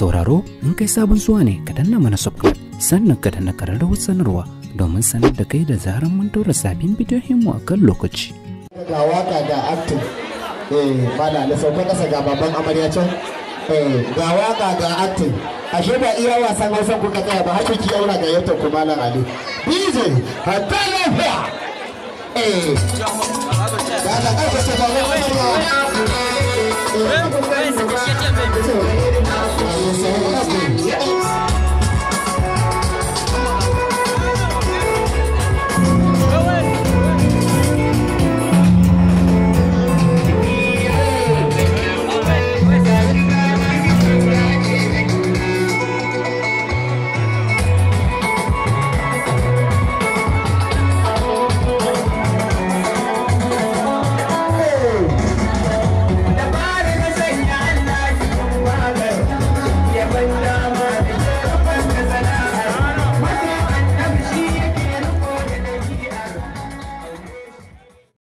sauraro in kai sabon zuwa ne ka danna mana subscribe sannan ka danna kararrawar sanarwa domin sanar da kai da zaran mun tura sabbin bidiyon mu a kan lokaci. Ga waka ga acting eh mala na sauka kasa ga baban amarya can eh ga waka ga acting ashe ba iya wasan hausan ku ka tsaya ba har ki aura ga yata kuma malam Ali. DJ hatta lafiya eh Listen, just get your baby.